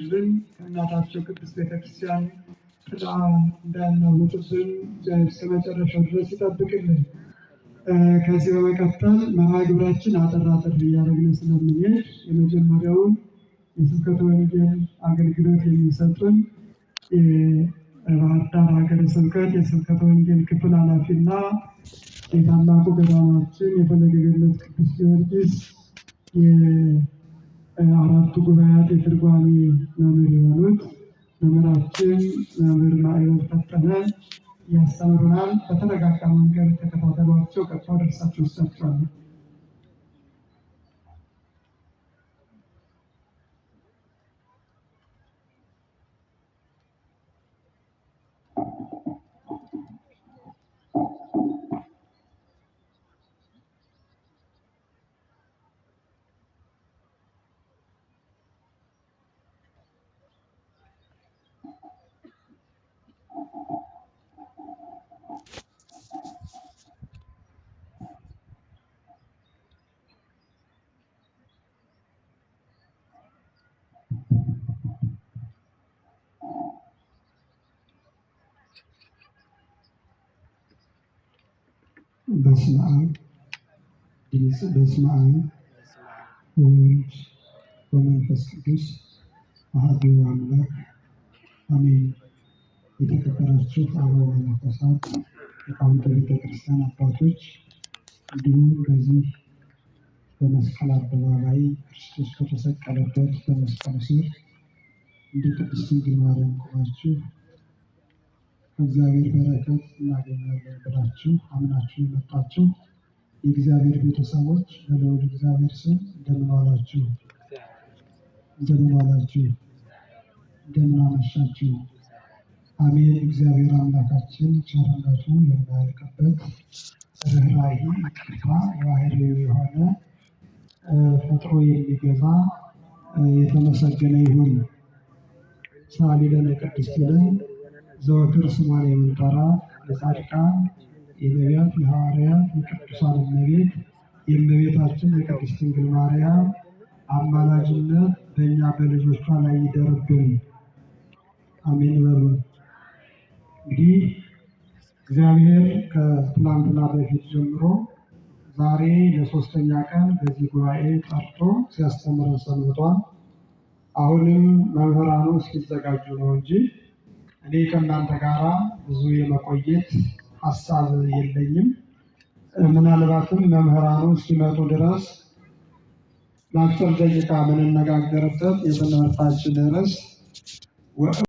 ሕዝብን ከእናታቸው ቅድስት ቤተክርስቲያን ጥላ እንዳይናወጡብን እስከ መጨረሻው ድረስ ይጠብቅልን። ከዚህ በመቀጠል መርሃ ግብራችን አጠር አጠር እያደረግን ስለምንሄድ የመጀመሪያውን የስብከተ ወንጌል አገልግሎት የሚሰጡን ባህር ዳር ሀገረ ስብከት የስብከተ ወንጌል ክፍል ኃላፊና የታላቁ ገዳማችን የፈለገ ገነት ቅዱስ ጊዮርጊስ አራቱ ጉባኤያት የትርጓሚ መምህር የሆኑት መምህራችን መምህር ማዕበል ፈጠነ ያስተምሩናል። በተረጋጋ መንገድ ተከታተሏቸው። ቀጥታ ደርሳቸው እሰጥቷለሁ። በስመ አብ በስመ አብ ወወልድ ወመንፈስ ቅዱስ አሐዱ አምላክ አሜን። የተከበራችሁ አበው መነኮሳት፣ ሊቃውንተ ቤተክርስቲያን አባቶች እንዲሁም በዚህ በመስቀል አደባባይ ክርስቶስ ከተሰቀለበት በመስቀል ስር እንደ ቅድስት ድንግል ማርያም ቆማችሁ ከእግዚአብሔር በረከት እናገኛለን ብላችሁ አምናችሁ የመጣችሁ የእግዚአብሔር ቤተሰቦች በለውድ እግዚአብሔር ስም እንደምን ዋላችሁ? እንደምን ዋላችሁ? እንደምን አመሻችሁ? አሜን። እግዚአብሔር አምላካችን ቸርነቱ የማያልቅበት ርኅራኄ ይቅርታ የባህሪ የሆነ ፈጥሮ የሚገዛ የተመሰገነ ይሁን። ሳሊለነ ቅድስት ይለን ዘወትር ስሟን የምንጠራ የጻድቃን የነቢያት የሐዋርያት የቅዱሳን እመቤት የእመቤታችን የቅድስት ድንግል ማርያም አማላጅነት በእኛ በልጆቿ ላይ ይደርብን፣ አሜን በሉ። እንግዲህ እግዚአብሔር ከትላንትና በፊት ጀምሮ ዛሬ ለሶስተኛ ቀን በዚህ ጉባኤ ጠርቶ ሲያስተምረን ሰንብቷል። አሁንም መምህራኑ እስኪዘጋጁ ነው እንጂ እኔ ከእናንተ ጋራ ብዙ የመቆየት ሀሳብ የለኝም። ምናልባትም መምህራኑ እስኪመጡ ድረስ ለአጭር ደቂቃ የምንነጋገርበት የትምህርታችን ርዕስ